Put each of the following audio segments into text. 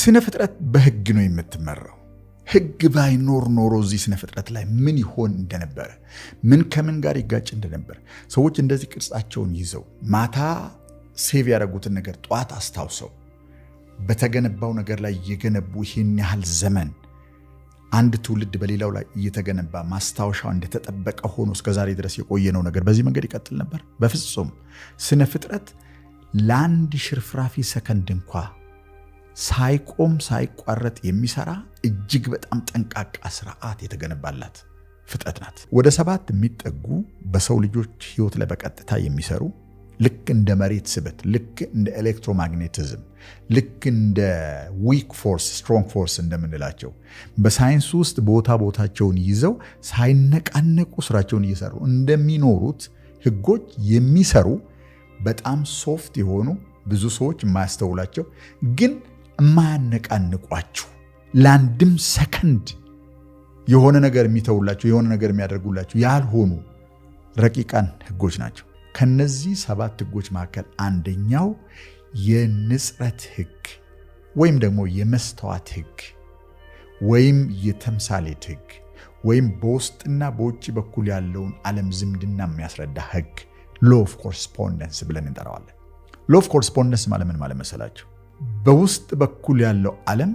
ስነ ፍጥረት በህግ ነው የምትመራው። ህግ ባይኖር ኖሮ እዚህ ስነ ፍጥረት ላይ ምን ይሆን እንደነበረ፣ ምን ከምን ጋር ይጋጭ እንደነበረ ሰዎች እንደዚህ ቅርጻቸውን ይዘው ማታ ሴቭ ያደረጉትን ነገር ጠዋት አስታውሰው በተገነባው ነገር ላይ የገነቡ ይህን ያህል ዘመን አንድ ትውልድ በሌላው ላይ እየተገነባ ማስታወሻው እንደተጠበቀ ሆኖ እስከዛሬ ድረስ የቆየነው ነገር በዚህ መንገድ ይቀጥል ነበር? በፍጹም። ስነ ፍጥረት ለአንድ ሽርፍራፊ ሰከንድ እንኳ ሳይቆም ሳይቋረጥ የሚሰራ እጅግ በጣም ጠንቃቃ ስርዓት የተገነባላት ፍጥረት ናት። ወደ ሰባት የሚጠጉ በሰው ልጆች ህይወት ላይ በቀጥታ የሚሰሩ ልክ እንደ መሬት ስበት፣ ልክ እንደ ኤሌክትሮማግኔቲዝም፣ ልክ እንደ ዊክ ፎርስ ስትሮንግ ፎርስ እንደምንላቸው በሳይንስ ውስጥ ቦታ ቦታቸውን ይዘው ሳይነቃነቁ ስራቸውን እየሰሩ እንደሚኖሩት ህጎች የሚሰሩ በጣም ሶፍት የሆኑ ብዙ ሰዎች የማያስተውላቸው ግን የማያነቃንቋችሁ ለአንድም ሰከንድ የሆነ ነገር የሚተውላችሁ የሆነ ነገር የሚያደርጉላችሁ ያልሆኑ ረቂቃን ህጎች ናቸው። ከነዚህ ሰባት ህጎች መካከል አንደኛው የንጽረት ህግ ወይም ደግሞ የመስተዋት ህግ ወይም የተምሳሌት ህግ ወይም በውስጥና በውጭ በኩል ያለውን ዓለም ዝምድና የሚያስረዳ ህግ ሎ ኦፍ ኮርስፖንደንስ ብለን እንጠራዋለን። ሎ ኦፍ ኮርስፖንደንስ ማለት ምን ማለት መሰላችሁ? በውስጥ በኩል ያለው ዓለም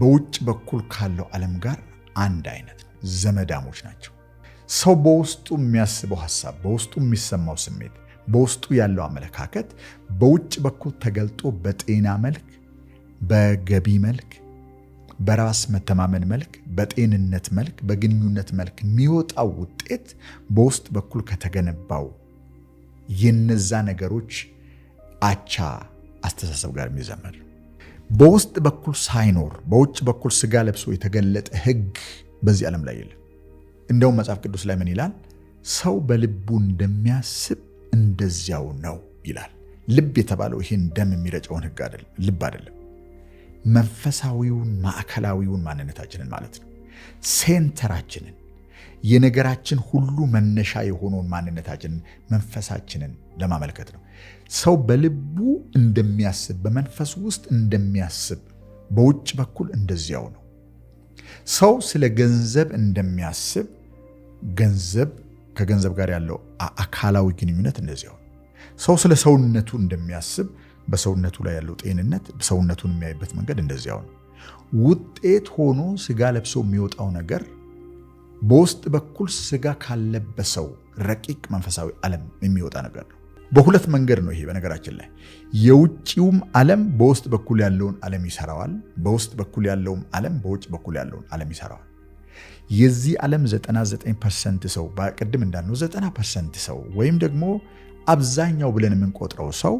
በውጭ በኩል ካለው ዓለም ጋር አንድ አይነት ነው፣ ዘመዳሞች ናቸው። ሰው በውስጡ የሚያስበው ሀሳብ በውስጡ የሚሰማው ስሜት፣ በውስጡ ያለው አመለካከት በውጭ በኩል ተገልጦ በጤና መልክ፣ በገቢ መልክ፣ በራስ መተማመን መልክ፣ በጤንነት መልክ፣ በግንኙነት መልክ የሚወጣው ውጤት በውስጥ በኩል ከተገነባው የነዛ ነገሮች አቻ አስተሳሰብ ጋር የሚዘመር በውስጥ በኩል ሳይኖር በውጭ በኩል ስጋ ለብሶ የተገለጠ ህግ በዚህ ዓለም ላይ የለም። እንደውም መጽሐፍ ቅዱስ ላይ ምን ይላል? ሰው በልቡ እንደሚያስብ እንደዚያው ነው ይላል። ልብ የተባለው ይህን ደም የሚረጨውን ህግ ልብ አይደለም፣ መንፈሳዊውን ማዕከላዊውን ማንነታችንን ማለት ነው ሴንተራችንን የነገራችን ሁሉ መነሻ የሆነውን ማንነታችንን መንፈሳችንን ለማመልከት ነው። ሰው በልቡ እንደሚያስብ በመንፈሱ ውስጥ እንደሚያስብ በውጭ በኩል እንደዚያው ነው። ሰው ስለ ገንዘብ እንደሚያስብ ገንዘብ ከገንዘብ ጋር ያለው አካላዊ ግንኙነት እንደዚያው ነው። ሰው ስለ ሰውነቱ እንደሚያስብ በሰውነቱ ላይ ያለው ጤንነት ሰውነቱን የሚያይበት መንገድ እንደዚያው ነው። ውጤት ሆኖ ስጋ ለብሶ የሚወጣው ነገር በውስጥ በኩል ስጋ ካለበሰው ረቂቅ መንፈሳዊ ዓለም የሚወጣ ነገር ነው። በሁለት መንገድ ነው ይሄ። በነገራችን ላይ የውጭውም ዓለም በውስጥ በኩል ያለውን ዓለም ይሰራዋል። በውስጥ በኩል ያለውም ዓለም በውጭ በኩል ያለውን ዓለም ይሰራዋል። የዚህ ዓለም 99 ፐርሰንት ሰው ቅድም እንዳልነው 90 ፐርሰንት ሰው ወይም ደግሞ አብዛኛው ብለን የምንቆጥረው ሰው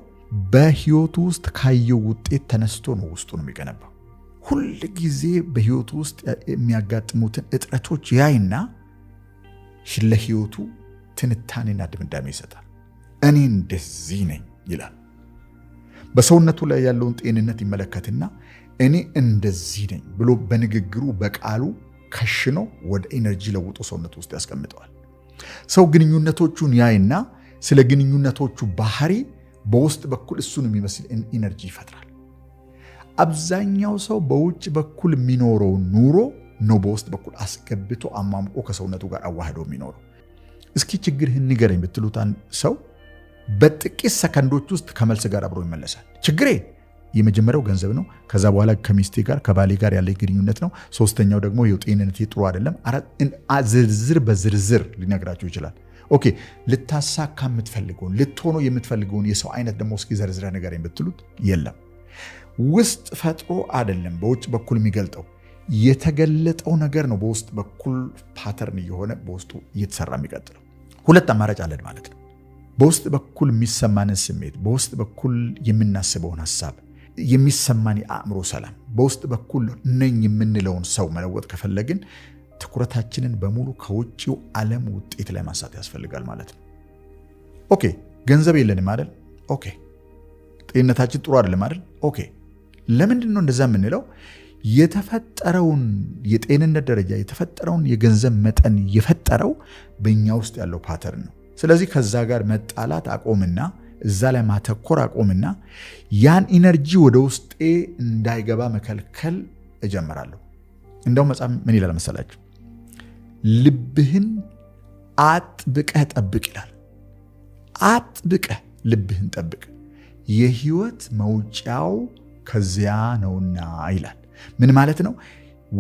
በህይወቱ ውስጥ ካየው ውጤት ተነስቶ ነው ውስጡን የሚገነባው። ሁል ጊዜ በህይወቱ ውስጥ የሚያጋጥሙትን እጥረቶች ያይና ለህይወቱ ትንታኔና ድምዳሜ ይሰጣል። እኔ እንደዚህ ነኝ ይላል። በሰውነቱ ላይ ያለውን ጤንነት ይመለከትና እኔ እንደዚህ ነኝ ብሎ በንግግሩ በቃሉ ከሽኖ ወደ ኤነርጂ ለውጦ ሰውነቱ ውስጥ ያስቀምጠዋል። ሰው ግንኙነቶቹን ያይና ስለ ግንኙነቶቹ ባህሪ በውስጥ በኩል እሱን የሚመስል ኢነርጂ ይፈጥራል። አብዛኛው ሰው በውጭ በኩል የሚኖረው ኑሮ ነው በውስጥ በኩል አስገብቶ አሟምቆ ከሰውነቱ ጋር አዋህዶ የሚኖረው። እስኪ ችግርህን ንገረኝ ብትሉት ሰው በጥቂት ሰከንዶች ውስጥ ከመልስ ጋር አብሮ ይመለሳል። ችግሬ የመጀመሪያው ገንዘብ ነው። ከዛ በኋላ ከሚስቴ ጋር ከባሌ ጋር ያለ ግንኙነት ነው። ሶስተኛው ደግሞ ይኸው ጤንነቴ ጥሩ አይደለም። ዝርዝር በዝርዝር ሊነግራቸው ይችላል። ኦኬ ልታሳካ የምትፈልገውን ልትሆኖ የምትፈልገውን የሰው አይነት ደግሞ እስኪ ዘርዝረ ነገር የምትሉት የለም። ውስጥ ፈጥሮ አይደለም በውጭ በኩል የሚገልጠው የተገለጠው ነገር ነው። በውስጥ በኩል ፓተርን እየሆነ በውስጡ እየተሰራ የሚቀጥለው ሁለት አማራጭ አለን ማለት ነው። በውስጥ በኩል የሚሰማንን ስሜት፣ በውስጥ በኩል የምናስበውን ሀሳብ፣ የሚሰማን የአእምሮ ሰላም፣ በውስጥ በኩል ነኝ የምንለውን ሰው መለወጥ ከፈለግን ትኩረታችንን በሙሉ ከውጭው ዓለም ውጤት ላይ ማንሳት ያስፈልጋል ማለት ነው። ኦኬ ገንዘብ የለንም አይደል? ኦኬ ጤንነታችን ጥሩ አይደለም አይደል? ኦኬ ለምንድን ነው እንደዛ የምንለው? የተፈጠረውን የጤንነት ደረጃ የተፈጠረውን የገንዘብ መጠን የፈጠረው በእኛ ውስጥ ያለው ፓተርን ነው። ስለዚህ ከዛ ጋር መጣላት አቆምና እዛ ላይ ማተኮር አቆምና ያን ኢነርጂ ወደ ውስጤ እንዳይገባ መከልከል እጀምራለሁ። እንደው መጽሐፍ ምን ይላል መሰላችሁ? ልብህን አጥብቀህ ጠብቅ ይላል። አጥብቀህ ልብህን ጠብቅ፣ የህይወት መውጫው ከዚያ ነውና ይላል። ምን ማለት ነው?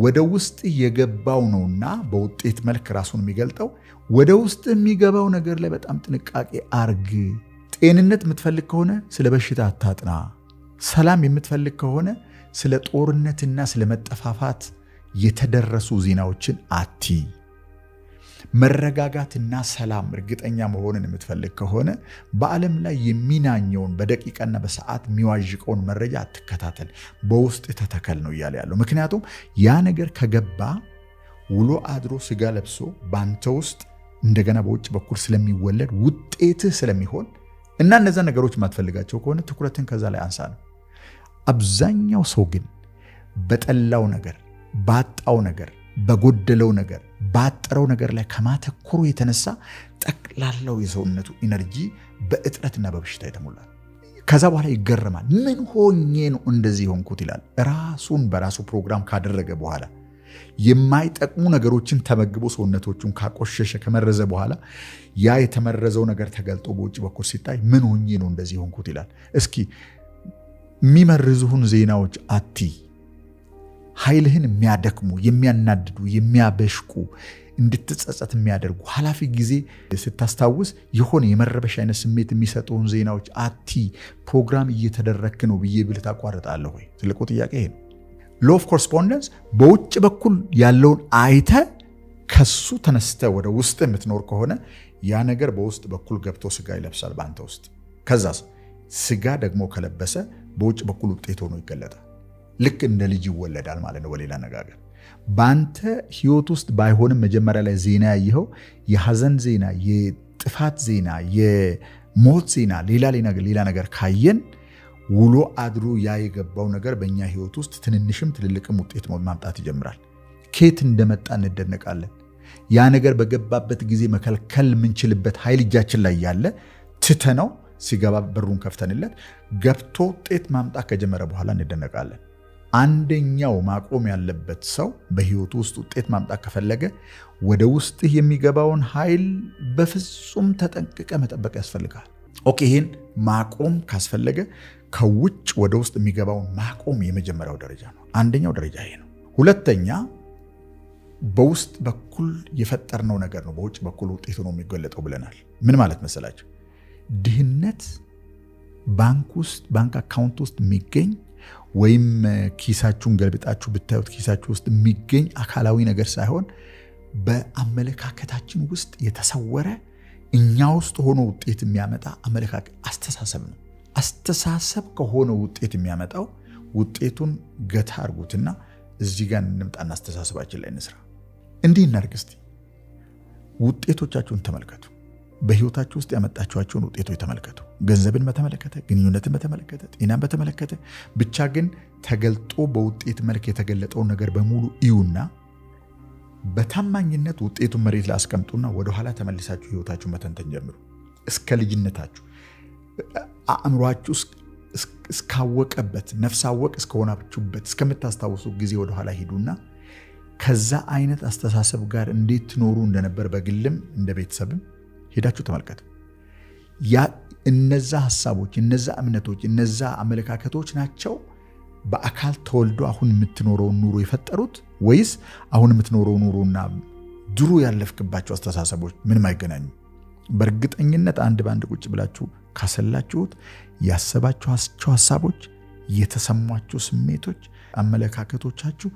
ወደ ውስጥ የገባው ነውና በውጤት መልክ ራሱን የሚገልጠው ወደ ውስጥ የሚገባው ነገር ላይ በጣም ጥንቃቄ አርግ። ጤንነት የምትፈልግ ከሆነ ስለ በሽታ አታጥና። ሰላም የምትፈልግ ከሆነ ስለ ጦርነትና ስለ መጠፋፋት የተደረሱ ዜናዎችን አቲ መረጋጋትና ሰላም እርግጠኛ መሆንን የምትፈልግ ከሆነ በዓለም ላይ የሚናኘውን በደቂቃና በሰዓት የሚዋዥቀውን መረጃ አትከታተል። በውስጥ ተተከል ነው እያለ ያለው። ምክንያቱም ያ ነገር ከገባ ውሎ አድሮ ስጋ ለብሶ በአንተ ውስጥ እንደገና በውጭ በኩል ስለሚወለድ ውጤትህ ስለሚሆን እና እነዛ ነገሮች የማትፈልጋቸው ከሆነ ትኩረትን ከዛ ላይ አንሳ ነው። አብዛኛው ሰው ግን በጠላው ነገር፣ ባጣው ነገር፣ በጎደለው ነገር ባጠረው ነገር ላይ ከማተኩሩ የተነሳ ጠቅላላው የሰውነቱ ኢነርጂ በእጥረትና በበሽታ የተሞላ ከዛ በኋላ ይገረማል። ምን ሆኜ ነው እንደዚህ ሆንኩት ይላል። ራሱን በራሱ ፕሮግራም ካደረገ በኋላ የማይጠቅሙ ነገሮችን ተመግቦ ሰውነቶቹን ካቆሸሸ ከመረዘ በኋላ ያ የተመረዘው ነገር ተገልጦ በውጭ በኩል ሲታይ ምን ሆኜ ነው እንደዚህ ሆንኩት ይላል። እስኪ የሚመርዙሁን ዜናዎች አቲ ኃይልህን የሚያደክሙ የሚያናድዱ፣ የሚያበሽቁ እንድትጸጸት የሚያደርጉ ኃላፊ ጊዜ ስታስታውስ የሆነ የመረበሽ አይነት ስሜት የሚሰጠውን ዜናዎች አቲ ፕሮግራም እየተደረክ ነው ብዬ ብልህ ታቋርጣለህ ወይ? ትልቁ ጥያቄ ይሄ ነው። ሎ ኦፍ ኮረስፖንደንስ በውጭ በኩል ያለውን አይተ ከሱ ተነስተ ወደ ውስጥ የምትኖር ከሆነ ያ ነገር በውስጥ በኩል ገብቶ ስጋ ይለብሳል በአንተ ውስጥ። ከዛ ስጋ ደግሞ ከለበሰ በውጭ በኩል ውጤት ሆኖ ይገለጣል። ልክ እንደ ልጅ ይወለዳል ማለት ነው። በሌላ አነጋገር በአንተ ህይወት ውስጥ ባይሆንም መጀመሪያ ላይ ዜና ያየኸው የሐዘን ዜና፣ የጥፋት ዜና፣ የሞት ዜና፣ ሌላ ሌላ ነገር ካየን ውሎ አድሮ ያ የገባው ነገር በእኛ ህይወት ውስጥ ትንንሽም ትልልቅም ውጤት ማምጣት ይጀምራል። ከየት እንደመጣ እንደነቃለን። ያ ነገር በገባበት ጊዜ መከልከል የምንችልበት ኃይል እጃችን ላይ ያለ ትተነው ሲገባ በሩን ከፍተንለት ገብቶ ውጤት ማምጣት ከጀመረ በኋላ እንደነቃለን። አንደኛው ማቆም ያለበት ሰው በህይወቱ ውስጥ ውጤት ማምጣት ከፈለገ ወደ ውስጥህ የሚገባውን ኃይል በፍጹም ተጠንቅቀ መጠበቅ ያስፈልጋል። ኦኬ፣ ይህን ማቆም ካስፈለገ ከውጭ ወደ ውስጥ የሚገባውን ማቆም የመጀመሪያው ደረጃ ነው። አንደኛው ደረጃ ይሄ ነው። ሁለተኛ በውስጥ በኩል የፈጠርነው ነገር ነው በውጭ በኩል ውጤት ሆኖ የሚገለጠው ብለናል። ምን ማለት መሰላቸው? ድህነት ባንክ ውስጥ ባንክ አካውንት ውስጥ የሚገኝ ወይም ኪሳችሁን ገልብጣችሁ ብታዩት ኪሳችሁ ውስጥ የሚገኝ አካላዊ ነገር ሳይሆን በአመለካከታችን ውስጥ የተሰወረ እኛ ውስጥ ሆኖ ውጤት የሚያመጣ አመለካከት አስተሳሰብ ነው። አስተሳሰብ ከሆነ ውጤት የሚያመጣው ውጤቱን ገታ አርጉትና እዚህ ጋር እንምጣና አስተሳሰባችን ላይ እንስራ። እንዲህ እናድርግ እስቲ። ውጤቶቻችሁን ተመልከቱ። በህይወታችሁ ውስጥ ያመጣችኋቸውን ውጤቶች ተመልከቱ። ገንዘብን በተመለከተ፣ ግንኙነትን በተመለከተ፣ ጤናን በተመለከተ ብቻ ግን ተገልጦ በውጤት መልክ የተገለጠውን ነገር በሙሉ እዩና በታማኝነት ውጤቱን መሬት ላይ አስቀምጡና ወደኋላ ተመልሳችሁ ህይወታችሁን መተንተን ጀምሩ። እስከ ልጅነታችሁ አእምሯችሁ እስካወቀበት ነፍስ አወቅ እስከሆናችሁበት እስከምታስታውሱ ጊዜ ወደኋላ ሂዱና ከዛ አይነት አስተሳሰብ ጋር እንዴት ትኖሩ እንደነበር በግልም እንደ ቤተሰብም ሄዳችሁ ተመልከት። እነዛ ሀሳቦች፣ እነዛ እምነቶች፣ እነዛ አመለካከቶች ናቸው በአካል ተወልዶ አሁን የምትኖረውን ኑሮ የፈጠሩት ወይስ አሁን የምትኖረው ኑሮና ድሮ ያለፍክባቸው አስተሳሰቦች ምንም አይገናኙ? በእርግጠኝነት አንድ በአንድ ቁጭ ብላችሁ ካሰላችሁት ያሰባችኋቸው ሀሳቦች፣ የተሰሟቸው ስሜቶች፣ አመለካከቶቻችሁ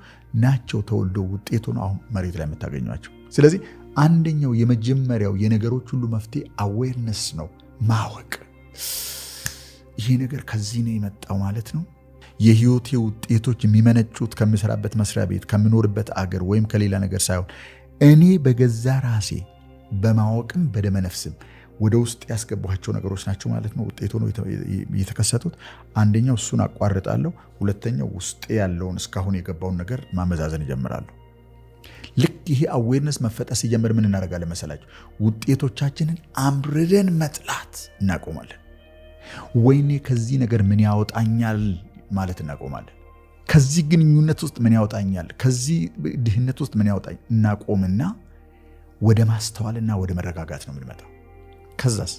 ናቸው ተወልዶ ውጤቱን አሁን መሬት ላይ የምታገኟቸው። ስለዚህ አንደኛው የመጀመሪያው የነገሮች ሁሉ መፍትሄ አዌርነስ ነው፣ ማወቅ። ይሄ ነገር ከዚህ ነው የመጣው ማለት ነው። የህይወቴ ውጤቶች የሚመነጩት ከምሰራበት መስሪያ ቤት፣ ከምኖርበት አገር ወይም ከሌላ ነገር ሳይሆን እኔ በገዛ ራሴ በማወቅም በደመነፍስም ወደ ውስጥ ያስገቧቸው ነገሮች ናቸው ማለት ነው። ውጤቱ ነው የተከሰቱት አንደኛው እሱን አቋርጣለሁ። ሁለተኛው ውስጤ ያለውን እስካሁን የገባውን ነገር ማመዛዘን እጀምራለሁ። ልክ ይሄ አዌርነስ መፈጠር ሲጀምር ምን እናደርጋለን መሰላችሁ? ውጤቶቻችንን አምርረን መጥላት እናቆማለን። ወይኔ ከዚህ ነገር ምን ያወጣኛል ማለት እናቆማለን። ከዚህ ግንኙነት ውስጥ ምን ያወጣኛል፣ ከዚህ ድህነት ውስጥ ምን ያወጣኝ እናቆምና ወደ ማስተዋልና ወደ መረጋጋት ነው የምንመጣው። ከዛስ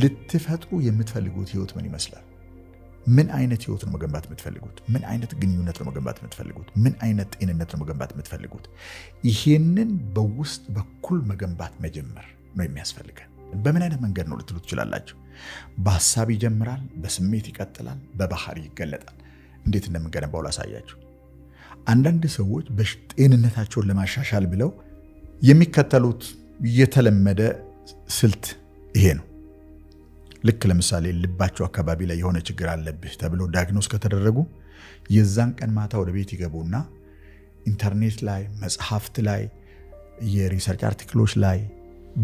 ልትፈጥሩ የምትፈልጉት ህይወት ምን ይመስላል? ምን አይነት ህይወት ነው መገንባት የምትፈልጉት? ምን አይነት ግንኙነት ነው መገንባት የምትፈልጉት? ምን አይነት ጤንነት ነው መገንባት የምትፈልጉት? ይሄንን በውስጥ በኩል መገንባት መጀመር ነው የሚያስፈልገን። በምን አይነት መንገድ ነው ልትሉ ትችላላችሁ። በሀሳብ ይጀምራል፣ በስሜት ይቀጥላል፣ በባህሪ ይገለጣል። እንዴት እንደምንገነባው ላሳያችሁ። አንዳንድ ሰዎች ጤንነታቸውን ለማሻሻል ብለው የሚከተሉት የተለመደ ስልት ይሄ ነው። ልክ ለምሳሌ ልባቸው አካባቢ ላይ የሆነ ችግር አለብህ ተብሎ ዳግኖስ ከተደረጉ የዛን ቀን ማታ ወደ ቤት ይገቡና ኢንተርኔት ላይ፣ መጽሐፍት ላይ፣ የሪሰርች አርቲክሎች ላይ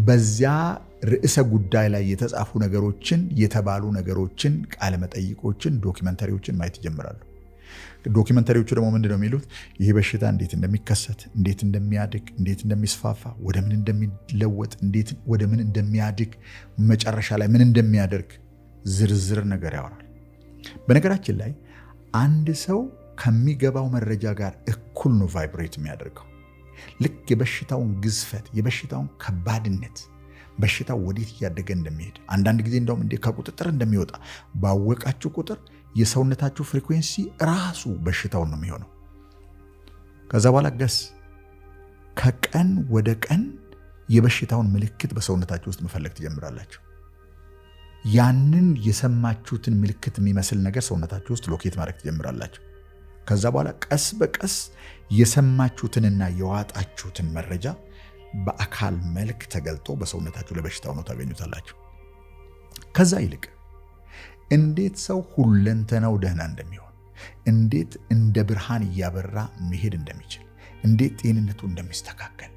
በዚያ ርዕሰ ጉዳይ ላይ የተጻፉ ነገሮችን የተባሉ ነገሮችን፣ ቃለመጠይቆችን፣ ዶኪመንተሪዎችን ማየት ይጀምራሉ። ዶኪመንተሪዎቹ ደግሞ ምንድን ነው የሚሉት? ይህ በሽታ እንዴት እንደሚከሰት፣ እንዴት እንደሚያድግ፣ እንዴት እንደሚስፋፋ፣ ወደ ምን እንደሚለወጥ፣ እንዴት ወደ ምን እንደሚያድግ፣ መጨረሻ ላይ ምን እንደሚያደርግ ዝርዝር ነገር ያወራል። በነገራችን ላይ አንድ ሰው ከሚገባው መረጃ ጋር እኩል ነው ቫይብሬት የሚያደርገው። ልክ የበሽታውን ግዝፈት፣ የበሽታውን ከባድነት፣ በሽታው ወዴት እያደገ እንደሚሄድ አንዳንድ ጊዜ እንደውም ከቁጥጥር እንደሚወጣ ባወቃችሁ ቁጥር የሰውነታችሁ ፍሪኩዌንሲ ራሱ በሽታውን ነው የሚሆነው። ከዛ በኋላ ገስ ከቀን ወደ ቀን የበሽታውን ምልክት በሰውነታችሁ ውስጥ መፈለግ ትጀምራላችሁ። ያንን የሰማችሁትን ምልክት የሚመስል ነገር ሰውነታችሁ ውስጥ ሎኬት ማድረግ ትጀምራላችሁ። ከዛ በኋላ ቀስ በቀስ የሰማችሁትንና የዋጣችሁትን መረጃ በአካል መልክ ተገልጦ በሰውነታችሁ ለበሽታው ነው ታገኙታላችሁ። ከዛ ይልቅ እንዴት ሰው ሁለንተናው ደህና እንደሚሆን፣ እንዴት እንደ ብርሃን እያበራ መሄድ እንደሚችል፣ እንዴት ጤንነቱ እንደሚስተካከል፣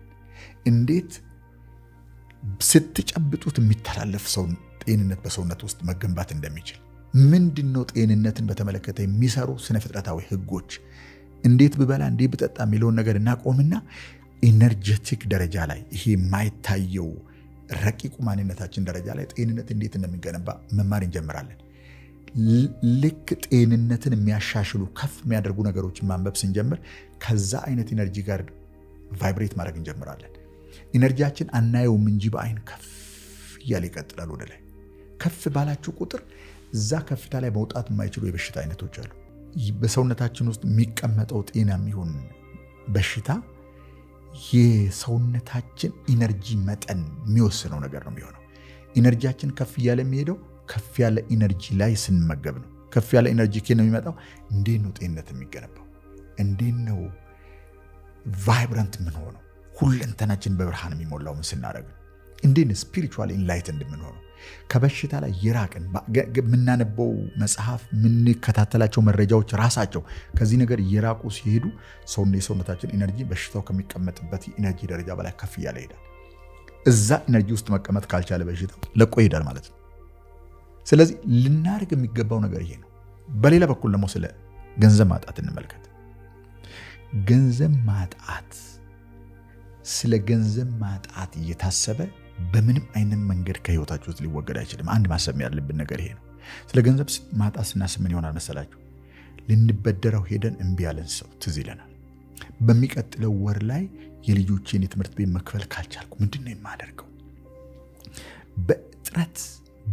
እንዴት ስትጨብጡት የሚተላለፍ ሰው ጤንነት በሰውነት ውስጥ መገንባት እንደሚችል ምንድን ነው ጤንነትን በተመለከተ የሚሰሩ ስነፍጥረታዊ ህጎች፣ እንዴት ብበላ እንዴ ብጠጣ የሚለውን ነገር እናቆምና ኢነርጀቲክ ደረጃ ላይ ይሄ የማይታየው ረቂቁ ማንነታችን ደረጃ ላይ ጤንነት እንዴት እንደሚገነባ መማር እንጀምራለን። ልክ ጤንነትን የሚያሻሽሉ ከፍ የሚያደርጉ ነገሮችን ማንበብ ስንጀምር ከዛ አይነት ኢነርጂ ጋር ቫይብሬት ማድረግ እንጀምራለን። ኢነርጂያችን አናየውም እንጂ በአይን ከፍ እያለ ይቀጥላል ወደ ላይ። ከፍ ባላችሁ ቁጥር እዛ ከፍታ ላይ መውጣት የማይችሉ የበሽታ አይነቶች አሉ። በሰውነታችን ውስጥ የሚቀመጠው ጤና የሚሆን በሽታ የሰውነታችን ኢነርጂ መጠን የሚወስነው ነገር ነው የሚሆነው። ኢነርጂያችን ከፍ እያለ የሚሄደው ከፍ ያለ ኢነርጂ ላይ ስንመገብ ነው። ከፍ ያለ ኢነርጂ ኬ ነው የሚመጣው። እንዴት ነው ጤንነት የሚገነባው? እንዴት ነው ቫይብረንት የምንሆነው? ሁለንተናችን በብርሃን የሚሞላው ምን ስናደርግ ነው? እንዴት ነው ስፒሪቹዋል ኢንላይትንድ ከበሽታ ላይ ይራቅን። የምናነበው መጽሐፍ፣ የምንከታተላቸው መረጃዎች ራሳቸው ከዚህ ነገር እየራቁ ሲሄዱ ሰውን የሰውነታችን ኢነርጂ በሽታው ከሚቀመጥበት የኢነርጂ ደረጃ በላይ ከፍ እያለ ይሄዳል። እዛ ኢነርጂ ውስጥ መቀመጥ ካልቻለ በሽታው ለቆ ይሄዳል ማለት ነው። ስለዚህ ልናደርግ የሚገባው ነገር ይሄ ነው። በሌላ በኩል ደግሞ ስለ ገንዘብ ማጣት እንመልከት። ገንዘብ ማጣት ስለ ገንዘብ ማጣት እየታሰበ በምንም አይነት መንገድ ከህይወታችሁ ውስጥ ሊወገድ አይችልም። አንድ ማሰብ ያለብን ነገር ይሄ ነው። ስለ ገንዘብ ማጣት ስናስብ ምን ይሆናል መሰላችሁ? ልንበደረው ሄደን እምቢ ያለን ሰው ትዝ ይለናል። በሚቀጥለው ወር ላይ የልጆቼን የትምህርት ቤት መክፈል ካልቻልኩ ምንድን ነው የማደርገው? በእጥረት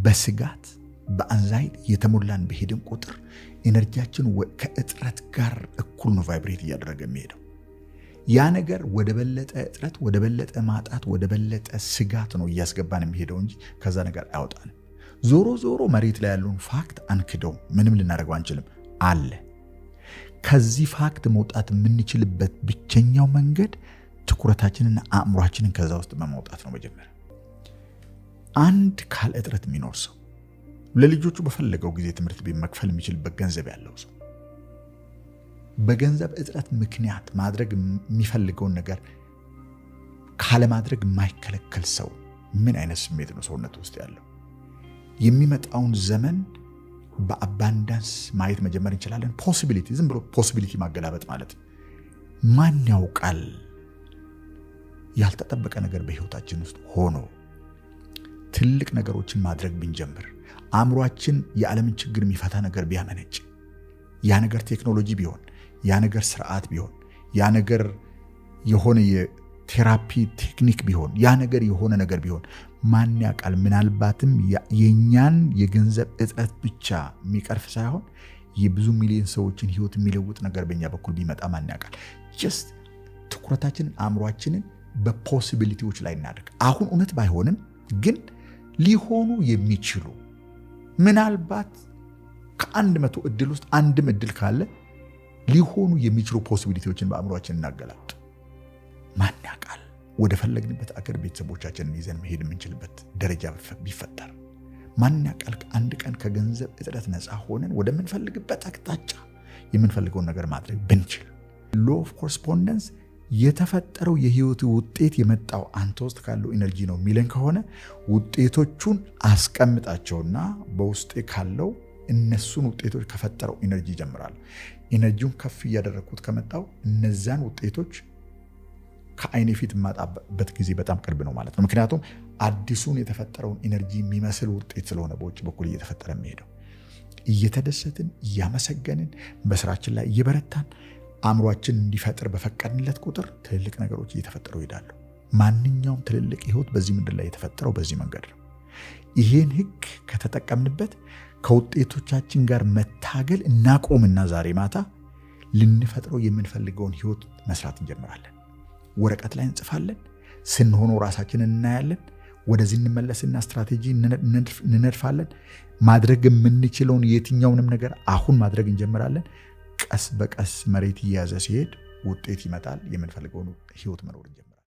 በስጋት በአንዛይ የተሞላን በሄድን ቁጥር ኤነርጂያችን ከእጥረት ጋር እኩል ነው ቫይብሬት እያደረገ የሚሄደው። ያ ነገር ወደ በለጠ እጥረት፣ ወደ በለጠ ማጣት፣ ወደ በለጠ ስጋት ነው እያስገባን የሚሄደው እንጂ ከዛ ነገር አያወጣንም። ዞሮ ዞሮ መሬት ላይ ያለውን ፋክት አንክደው ምንም ልናደርገው አንችልም አለ። ከዚህ ፋክት መውጣት የምንችልበት ብቸኛው መንገድ ትኩረታችንና አእምሯችንን ከዛ ውስጥ በማውጣት ነው። መጀመሪያ አንድ ካል እጥረት የሚኖር ሰው ለልጆቹ በፈለገው ጊዜ ትምህርት ቤት መክፈል የሚችልበት ገንዘብ ያለው ሰው በገንዘብ እጥረት ምክንያት ማድረግ የሚፈልገውን ነገር ካለማድረግ የማይከለከል ሰው ምን አይነት ስሜት ነው ሰውነት ውስጥ ያለው? የሚመጣውን ዘመን በአባንዳንስ ማየት መጀመር እንችላለን። ፖሲቢሊቲ ዝም ብሎ ፖሲቢሊቲ ማገላበጥ ማለት ማን ያውቃል ያልተጠበቀ ነገር በህይወታችን ውስጥ ሆኖ ትልቅ ነገሮችን ማድረግ ብንጀምር አእምሯችን የዓለምን ችግር የሚፈታ ነገር ቢያመነጭ ያ ነገር ቴክኖሎጂ ቢሆን ያ ነገር ስርዓት ቢሆን ያ ነገር የሆነ የቴራፒ ቴክኒክ ቢሆን ያ ነገር የሆነ ነገር ቢሆን ማን ያውቃል? ምናልባትም የእኛን የገንዘብ እጥረት ብቻ የሚቀርፍ ሳይሆን የብዙ ሚሊዮን ሰዎችን ህይወት የሚለውጥ ነገር በእኛ በኩል ቢመጣ ማን ያውቃል? ጀስት ትኩረታችንን አእምሯችንን በፖሲቢሊቲዎች ላይ እናደርግ። አሁን እውነት ባይሆንም ግን ሊሆኑ የሚችሉ ምናልባት ከአንድ መቶ እድል ውስጥ አንድም እድል ካለ ሊሆኑ የሚችሉ ፖሲቢሊቲዎችን በአእምሯችን እናገላጥ። ማን ያውቃል? ወደ ፈለግንበት አገር ቤተሰቦቻችንን ይዘን መሄድ የምንችልበት ደረጃ ቢፈጠር፣ ማን ያውቃል? አንድ ቀን ከገንዘብ እጥረት ነፃ ሆነን ወደምንፈልግበት አቅጣጫ የምንፈልገውን ነገር ማድረግ ብንችል ሎ ኦፍ ኮርስፖንደንስ የተፈጠረው የህይወት ውጤት የመጣው አንተ ውስጥ ካለው ኢነርጂ ነው የሚለን ከሆነ ውጤቶቹን አስቀምጣቸውና በውስጤ ካለው እነሱን ውጤቶች ከፈጠረው ኢነርጂ ይጀምራሉ። ኢነርጂውን ከፍ እያደረግኩት ከመጣው እነዛን ውጤቶች ከአይኔ ፊት የማጣበት ጊዜ በጣም ቅርብ ነው ማለት ነው። ምክንያቱም አዲሱን የተፈጠረውን ኢነርጂ የሚመስል ውጤት ስለሆነ በውጭ በኩል እየተፈጠረ የሚሄደው እየተደሰትን እያመሰገንን በስራችን ላይ እየበረታን አእምሯችን እንዲፈጥር በፈቀድንለት ቁጥር ትልልቅ ነገሮች እየተፈጠሩ ይሄዳሉ። ማንኛውም ትልልቅ ህይወት በዚህ ምድር ላይ የተፈጠረው በዚህ መንገድ ነው። ይህን ህግ ከተጠቀምንበት ከውጤቶቻችን ጋር መታገል እናቆምና ዛሬ ማታ ልንፈጥረው የምንፈልገውን ህይወት መስራት እንጀምራለን። ወረቀት ላይ እንጽፋለን። ስንሆነው ራሳችንን እናያለን። ወደዚህ እንመለስና ስትራቴጂ እንነድፋለን። ማድረግ የምንችለውን የትኛውንም ነገር አሁን ማድረግ እንጀምራለን። ቀስ በቀስ መሬት እየያዘ ሲሄድ ውጤት ይመጣል። የምንፈልገውን ህይወት መኖር